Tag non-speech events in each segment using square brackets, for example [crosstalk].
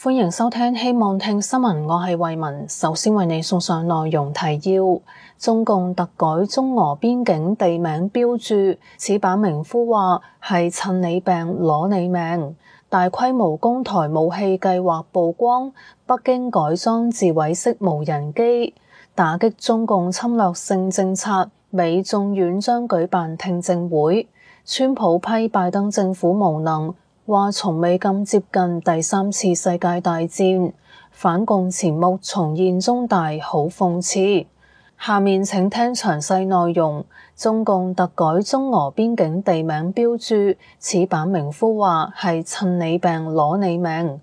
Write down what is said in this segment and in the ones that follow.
歡迎收聽，希望聽新聞，我係慧雯，首先為你送上內容提要：中共突改中俄邊境地名標注，矢板明夫話係趁你病攞你命；大規模攻台武器計劃曝光，北京改裝自毀式無人機打擊中共侵略性政策；美眾院將舉辦聽證會，川普批拜登政府無能。話從未咁接近第三次世界大戰，反共前目重現中大，好諷刺。下面請聽詳細內容：中共突改中俄邊境地名標注，矢板明夫話係趁你病攞你命。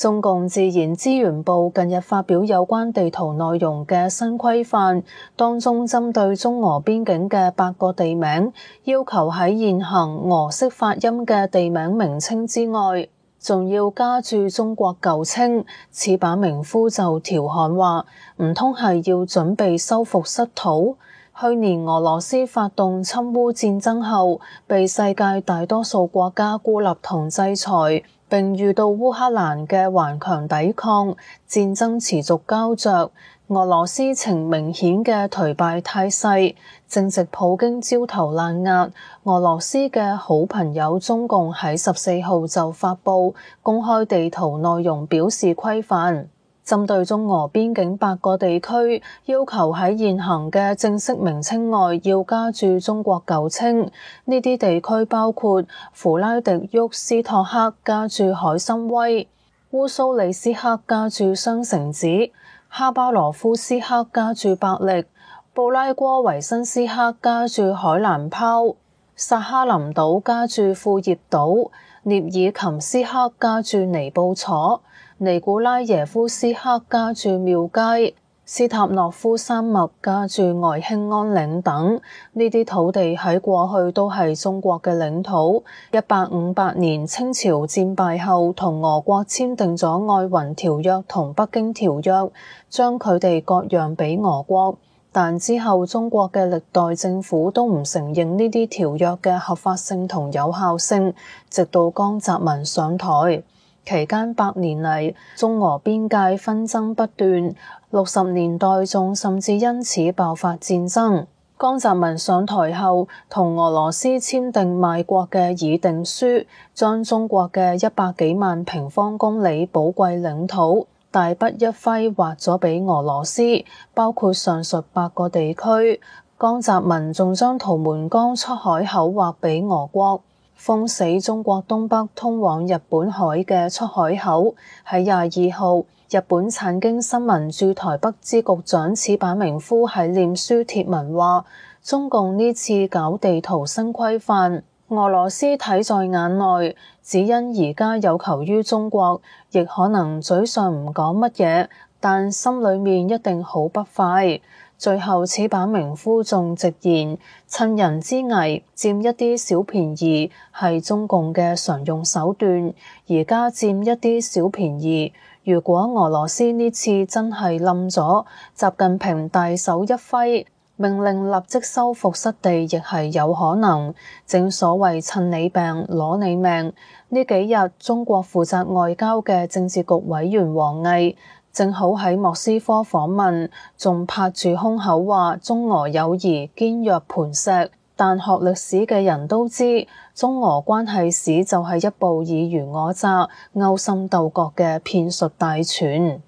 中共自然資源部近日發表有關地圖內容嘅新規範，當中針對中俄邊境嘅八個地名，要求喺現行俄式發音嘅地名名稱之外，仲要加注中國舊稱。矢板明夫就調侃話，唔通係要準備收復失土？去年俄羅斯發動侵烏戰爭後，被世界大多數國家孤立同制裁。並遇到烏克蘭嘅頑強抵抗，戰爭持續膠着。俄羅斯呈明顯嘅頹敗態勢，正值普京焦頭爛額。俄羅斯嘅好朋友中共喺十四號就發佈公開地圖內容，表示規範。針對中俄邊境八個地區，要求喺現行嘅正式名稱外，要加注中國舊稱。呢啲地區包括符拉迪沃斯托克加注海參崴、烏蘇里斯克加注雙城子、哈巴羅夫斯克加注伯力、布拉戈維申斯克加注海蘭泡、薩哈林島加注庫頁島、涅爾琴斯克加注尼布楚。尼古拉耶夫斯克、家住廟街、斯塔諾夫山脈、家住外興安嶺等，呢啲土地喺過去都係中國嘅領土。一八五八年清朝戰敗後，同俄國簽訂咗《璦琿條約》同《北京條約》，將佢哋割讓俾俄國。但之後中國嘅歷代政府都唔承認呢啲條約嘅合法性同有效性，直到江澤民上台。期間百年嚟，中俄邊界紛爭不斷，六十年代仲甚至因此爆發戰爭。江澤民上台後，同俄羅斯簽訂賣國嘅《議定書》，將中國嘅一百幾萬平方公里寶貴領土大筆一揮劃咗俾俄羅斯，包括上述八個地區。江澤民仲將圖們江出海口劃俾俄國。封死中國東北通往日本海嘅出海口。喺廿二號，日本產經新聞駐台北支局長矢板明夫喺臉書貼文話：中共呢次搞地圖新規範，俄羅斯睇在眼內，只因而家有求於中國，亦可能嘴上唔講乜嘢，但心裡面一定好不快。最後，矢板明夫仲直言，趁人之危佔一啲小便宜係中共嘅常用手段。而家佔一啲小便宜，如果俄羅斯呢次真係冧咗，習近平大手一揮，命令立即收復失地，亦係有可能。正所謂趁你病攞你命。呢幾日，中國負責外交嘅政治局委員王毅，正好喺莫斯科訪問，仲拍住胸口話中俄友誼堅若磐石，但學歷史嘅人都知，中俄關係史就係一部爾虞我詐、勾心鬥角嘅騙術大全。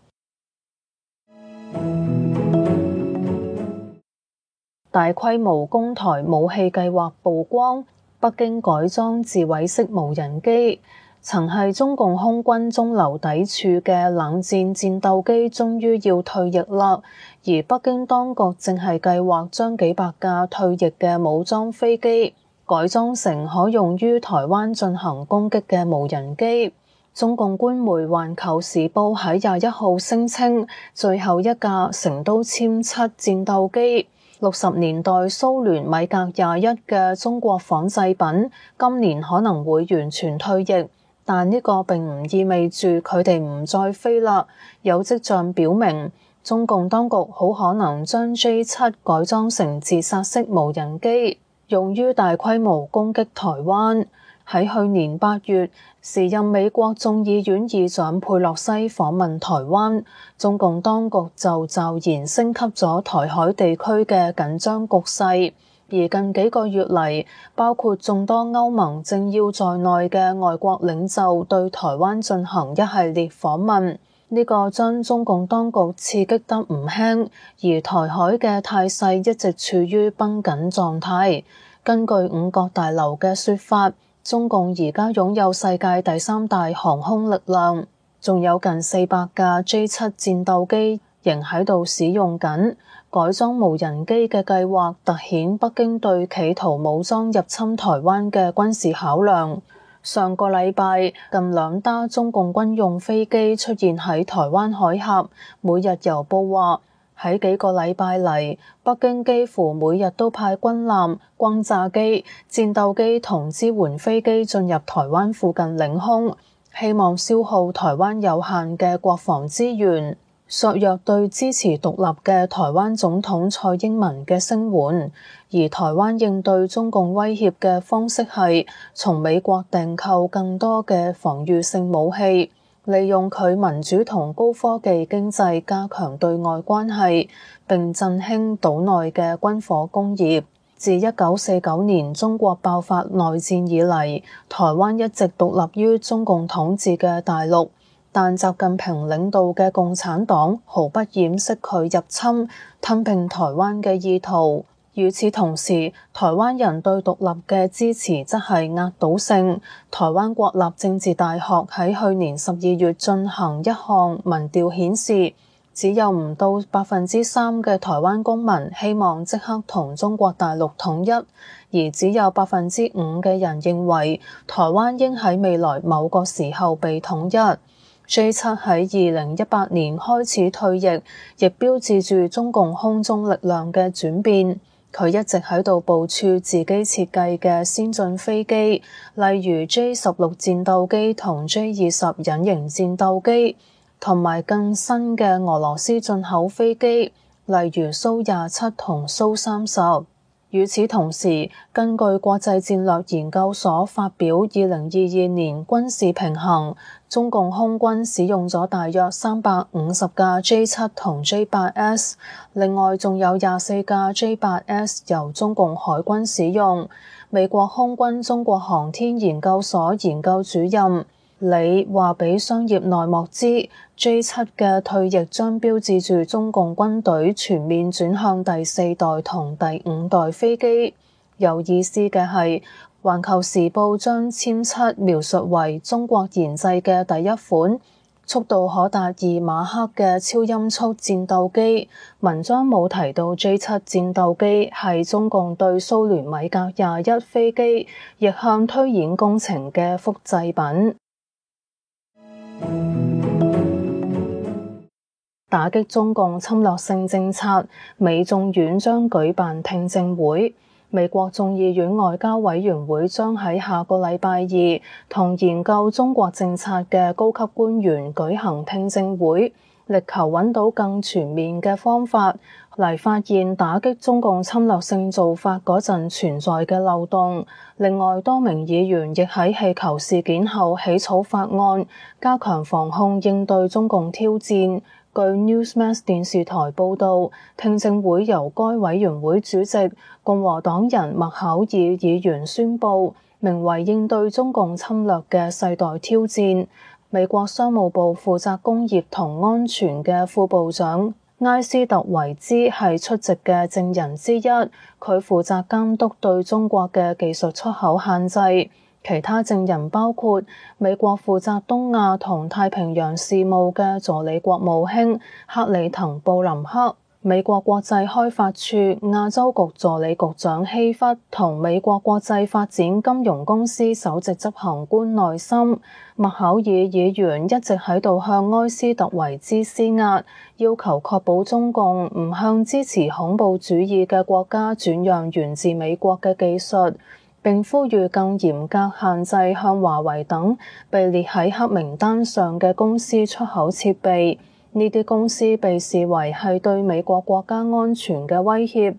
[music] 大規模攻台武器計劃曝光，北京改裝自毀式無人機。曾係中共空軍中流砥柱嘅冷戰戰鬥機，終於要退役啦。而北京當局正係計劃將幾百架退役嘅武裝飛機改裝成可用於台灣進行攻擊嘅無人機。中共官媒《環球時報》喺廿一號聲稱，最後一架成都殲七戰鬥機（六十年代蘇聯米格廿一嘅中國仿製品）今年可能會完全退役。但呢個並唔意味住佢哋唔再飛啦，有跡象表明中共當局好可能將 J 七改裝成自殺式無人機用於大規模攻擊台灣。喺去年八月，時任美國眾議院議長佩洛西訪問台灣，中共當局就驟然升級咗台海地區嘅緊張局勢。而近幾個月嚟，包括眾多歐盟政要在內嘅外國領袖對台灣進行一系列訪問，呢、這個將中共當局刺激得唔輕。而台海嘅態勢一直處於繃緊狀態。根據五角大樓嘅說法，中共而家擁有世界第三大航空力量，仲有近四百架 J 七戰鬥機仍喺度使用緊。改裝無人機嘅計劃凸顯北京對企圖武裝入侵台灣嘅軍事考量。上個禮拜，近兩打中共軍用飛機出現喺台灣海峽，每日郵報話喺幾個禮拜嚟，北京幾乎每日都派軍艦轟炸機、戰鬥機同支援飛機進入台灣附近領空，希望消耗台灣有限嘅國防資源。削弱對支持獨立嘅台灣總統蔡英文嘅聲援，而台灣應對中共威脅嘅方式係從美國訂購更多嘅防禦性武器，利用佢民主同高科技經濟加強對外關係，並振興島內嘅軍火工業。自一九四九年中國爆發內戰以嚟，台灣一直獨立於中共統治嘅大陸。但習近平領導嘅共產黨毫不掩飾佢入侵吞併台灣嘅意圖。與此同時，台灣人對獨立嘅支持則係壓倒性。台灣國立政治大學喺去年十二月進行一項民調顯示，只有唔到百分之三嘅台灣公民希望即刻同中國大陸統一，而只有百分之五嘅人認為台灣應喺未來某個時候被統一。J 七喺二零一八年開始退役，亦標誌住中共空中力量嘅轉變。佢一直喺度部署自己設計嘅先進飛機，例如 J 十六戰鬥機同 J 二十隱形戰鬥機，同埋更新嘅俄羅斯進口飛機，例如蘇廿七同蘇三十。與此同時，根據國際戰略研究所發表《二零二二年軍事平衡》，中共空軍使用咗大約三百五十架 J 七同 J 八 S，另外仲有廿四架 J 八 S 由中共海軍使用。美國空軍中國航天研究所研究主任。你話俾商業內幕知，J 七嘅退役將標誌住中共軍隊全面轉向第四代同第五代飛機。有意思嘅係，《環球時報》將殲七描述為中國研製嘅第一款速度可達二馬赫嘅超音速戰鬥機。文章冇提到 J 七戰鬥機係中共對蘇聯米格廿一飛機逆向推演工程嘅複製品。打擊中共侵略性政策，美眾院將舉辦聽證會。美國眾議院外交委員會將喺下個禮拜二同研究中國政策嘅高級官員舉行聽證會，力求揾到更全面嘅方法，嚟發現打擊中共侵略性做法嗰陣存在嘅漏洞。另外，多名議員亦喺氣球事件後起草法案，加強防控應對中共挑戰。據 Newsmax 電視台報導，聽證會由該委員會主席共和黨人麥考爾議員宣布，名為應對中共侵略嘅世代挑戰。美國商務部負責工業同安全嘅副部長，埃斯特維茲係出席嘅證人之一，佢負責監督對中國嘅技術出口限制。其他證人包括美國負責東亞同太平洋事務嘅助理國務卿克里滕布林克。美國國際開發署亞洲局助理局長希弗同美國國際發展金融公司首席執行官內森麥考爾議員一直喺度向埃斯特維茲施壓，要求確保中共唔向支持恐怖主義嘅國家轉讓源自美國嘅技術，並呼籲更嚴格限制向華為等被列喺黑名單上嘅公司出口設備。呢啲公司被視為係對美國國家安全嘅威脅。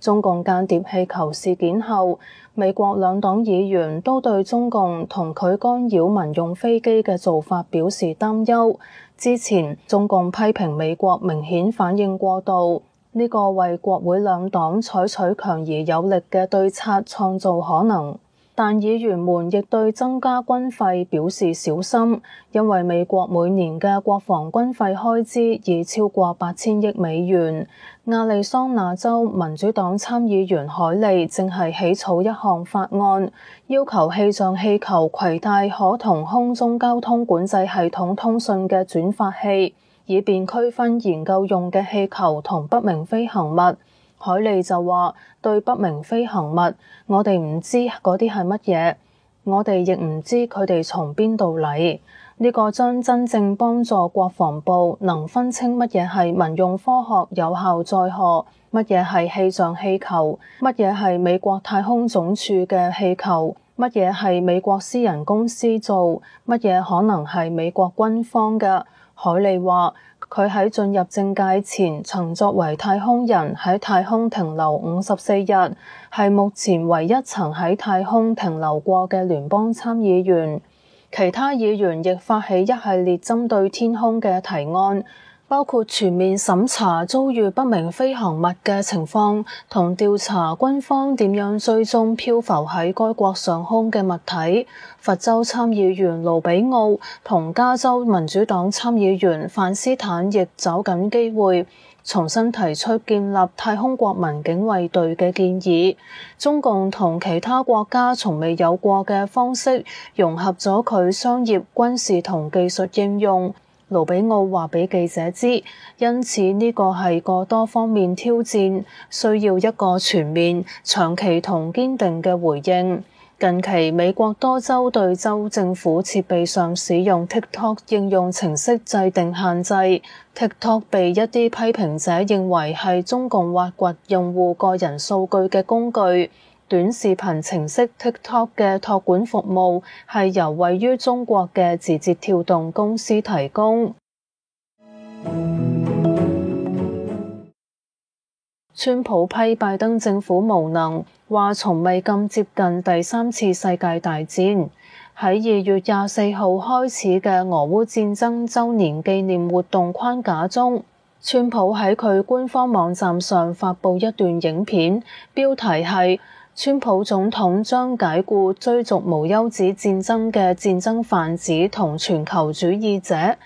中共間諜氣球事件後，美國兩黨議員都對中共同佢干擾民用飛機嘅做法表示擔憂。之前，中共批評美國明顯反應過度，呢個為國會兩黨採取強而有力嘅對策創造可能。但議員們亦對增加軍費表示小心，因為美國每年嘅國防軍費開支已超過八千億美元。亞利桑那州民主黨參議員海利正係起草一項法案，要求氣象氣球攜帶可同空中交通管制系統通訊嘅轉發器，以便區分研究用嘅氣球同不明飛行物。海利就話：對不明飛行物，我哋唔知嗰啲係乜嘢，我哋亦唔知佢哋從邊度嚟。呢、這個將真正幫助國防部能分清乜嘢係民用科學有效載荷，乜嘢係氣象氣球，乜嘢係美國太空總署嘅氣球，乜嘢係美國私人公司做，乜嘢可能係美國軍方嘅。海利話。佢喺進入政界前，曾作為太空人喺太空停留五十四日，係目前唯一曾喺太空停留過嘅聯邦參議員。其他議員亦發起一系列針對天空嘅提案。包括全面審查遭遇不明飛行物嘅情況，同調查軍方點樣追蹤漂浮喺該國上空嘅物體。佛州參議員盧比奧同加州民主黨參議員范斯坦亦找緊機會，重新提出建立太空國民警衛隊嘅建議。中共同其他國家從未有過嘅方式，融合咗佢商業、軍事同技術應用。盧比奧話俾記者知，因此呢個係個多方面挑戰，需要一個全面、長期同堅定嘅回應。近期美國多州對州政府設備上使用 TikTok 應用程式制定限制，TikTok 被一啲批評者認為係中共挖掘用戶個人數據嘅工具。短視頻程式 TikTok 嘅託管服務係由位於中國嘅字節跳動公司提供。 [noise] 川普批拜登政府無能，話從未咁接近第三次世界大戰。喺二月廿四號開始嘅俄烏戰爭周年紀念活動框架中，川普喺佢官方網站上發布一段影片，標題係：川普總統將解雇追逐無休止戰爭嘅戰爭販子同全球主義者。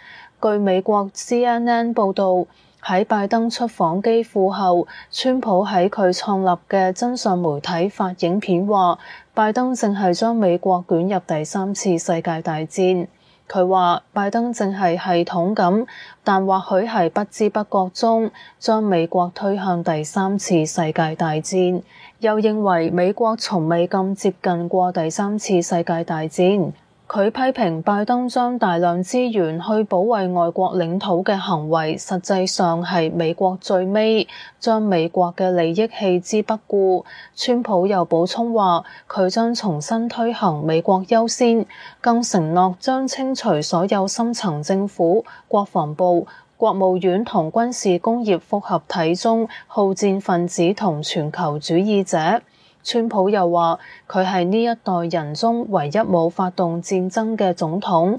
據美國 CNN 報導，喺拜登出訪機庫後，川普喺佢創立嘅真相媒體發影片話，拜登淨係將美國捲入第三次世界大戰。佢話，拜登淨係系統咁，但或許係不知不覺中將美國推向第三次世界大戰。又認為美國從未咁接近過第三次世界大戰。佢批評拜登將大量資源去保衛外國領土嘅行為，實際上係美國最尾將美國嘅利益棄之不顧。川普又補充話，佢將重新推行美國優先，更承諾將清除所有深層政府、國防部、國務院同軍事工業複合體中好戰分子同全球主義者，川普又話佢係呢一代人中唯一冇發動戰爭嘅總統，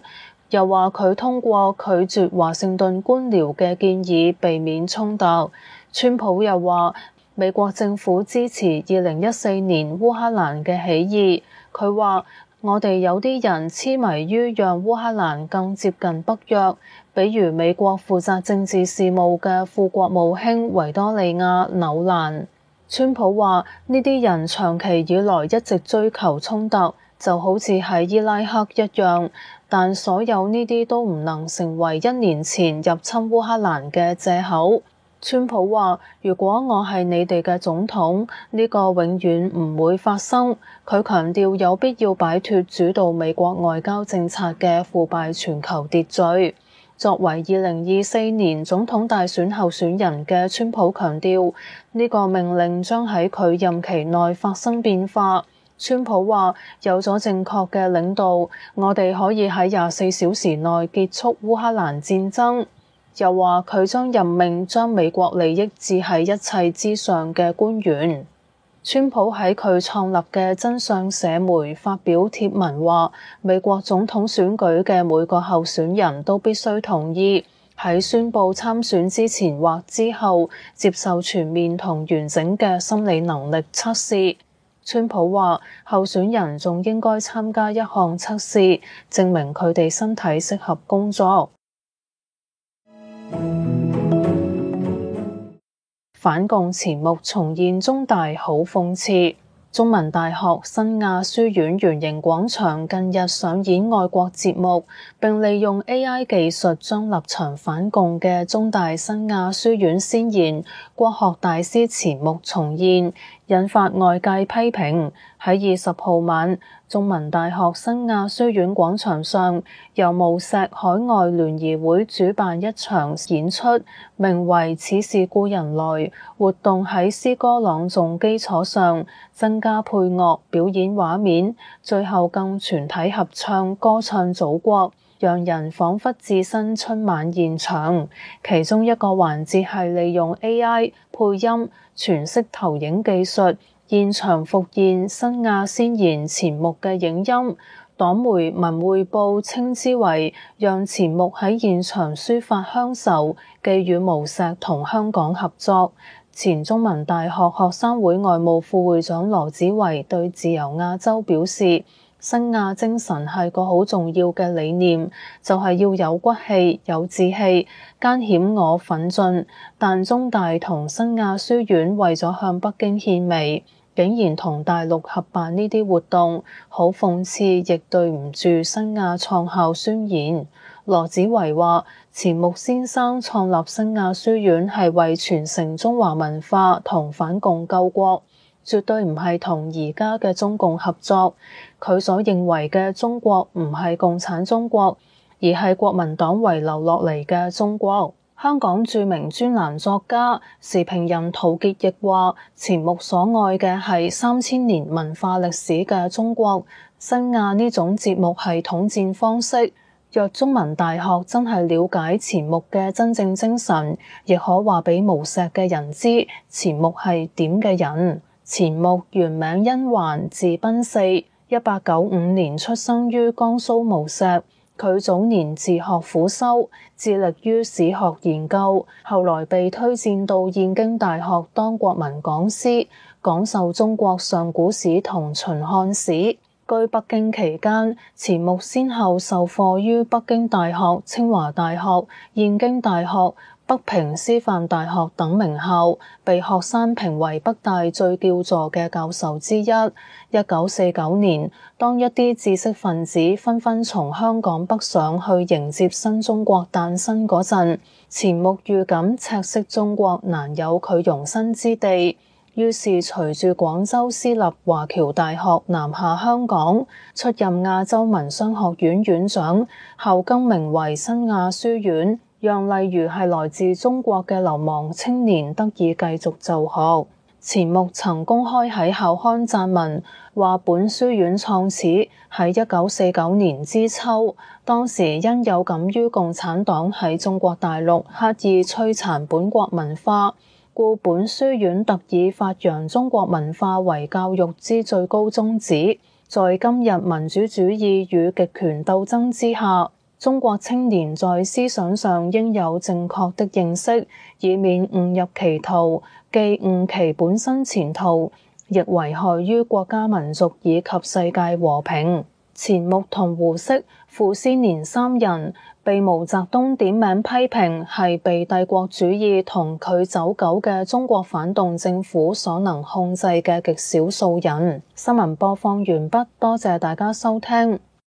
又話佢通過拒絕華盛頓官僚嘅建議避免衝突。川普又話美國政府支持二零一四年烏克蘭嘅起義，佢話我哋有啲人痴迷於讓烏克蘭更接近北約。比如美國負責政治事務嘅副國務卿維多利亞紐蘭，川普話呢啲人長期以來一直追求衝突，就好似喺伊拉克一樣。但所有呢啲都唔能成為一年前入侵烏克蘭嘅借口。川普話：如果我係你哋嘅總統，呢個永遠唔會發生。佢強調有必要擺脫主導美國外交政策嘅腐敗全球秩序。作為二零二四年總統大選候選人嘅川普強調，呢、這個命令將喺佢任期內發生變化。川普話：有咗正確嘅領導，我哋可以喺廿四小時內結束烏克蘭戰爭。又話佢將任命將美國利益置喺一切之上嘅官員。川普喺佢創立嘅真相社媒發表貼文，話美國總統選舉嘅每個候選人都必須同意喺宣布參選之前或之後接受全面同完整嘅心理能力測試。川普話候選人仲應該參加一項測試，證明佢哋身體適合工作。 [music] 反共前目重現，中大，好諷刺。中文大學新亞書院圓形廣場近日上演外國節目，並利用 A.I. 技術將立場反共嘅中大新亞書院先賢、國學大師錢穆重現，引發外界批評。喺二十號晚，中文大學新亞書院廣場上，由無錫海外聯誼會主辦一場演出，名為《此事故人來》，活動喺詩歌朗誦基礎上。增加配樂表演畫面，最後更全體合唱歌唱《祖國》，讓人仿佛置身春晚現場。其中一個環節係利用 AI 配音、全息投影技術現場復現新亞先賢錢穆嘅影音。黨媒《文匯報》稱之為讓錢穆喺現場抒發鄉愁寄語無錫同香港合作。前中文大學學生會外務副會長羅子維對自由亞洲表示：新亞精神係個好重要嘅理念，就係、是、要有骨氣、有志氣、艱險我奮進。但中大同新亞書院為咗向北京獻媚，竟然同大陸合辦呢啲活動，好諷刺，亦對唔住新亞創校宣言。羅子維話：錢穆先生創立新亞書院係為傳承中華文化同反共救國，絕對唔係同而家嘅中共合作。佢所認為嘅中國唔係共產中國，而係國民黨遺留落嚟嘅中國。香港著名專欄作家時評人陶傑亦話：錢穆所愛嘅係三千年文化歷史嘅中國，新亞呢種節目係統戰方式。若中文大學真係了解錢穆嘅真正精神，亦可話俾無錫嘅人知錢穆係點嘅人。錢穆原名恩環，字賓四，一八九五年出生於江蘇無錫。佢早年自學苦修，致力於史學研究，後來被推薦到燕京大學當國文講師，講授中國上古史同秦漢史。居北京期間，錢穆先後授課於北京大學、清華大學、燕京大學、北平師範大學等名校，被學生評為北大最叫座嘅教授之一。一九四九年，當一啲知識分子紛紛從香港北上去迎接新中國誕生嗰陣，錢穆預感赤色中國難有佢容身之地。於是隨住廣州私立華僑大學南下香港，出任亞洲文商學院院長，後更名為新亞書院，讓例如係來自中國嘅流亡青年得以繼續就學。錢穆曾公開喺校刊撰文，話本書院創始喺一九四九年之秋，當時因有感於共產黨喺中國大陸刻意摧殘本國文化。故本書院特以發揚中國文化為教育之最高宗旨，在今日民主主義與極權鬥爭之下，中國青年在思想上應有正確的認識，以免誤入歧途，既誤其本身前途，亦危害於國家民族以及世界和平。錢穆同胡適、傅斯年三人被毛澤東點名批評，係被帝國主義同佢走狗嘅中國反動政府所能控制嘅極少數人。新聞播放完畢，多謝大家收聽。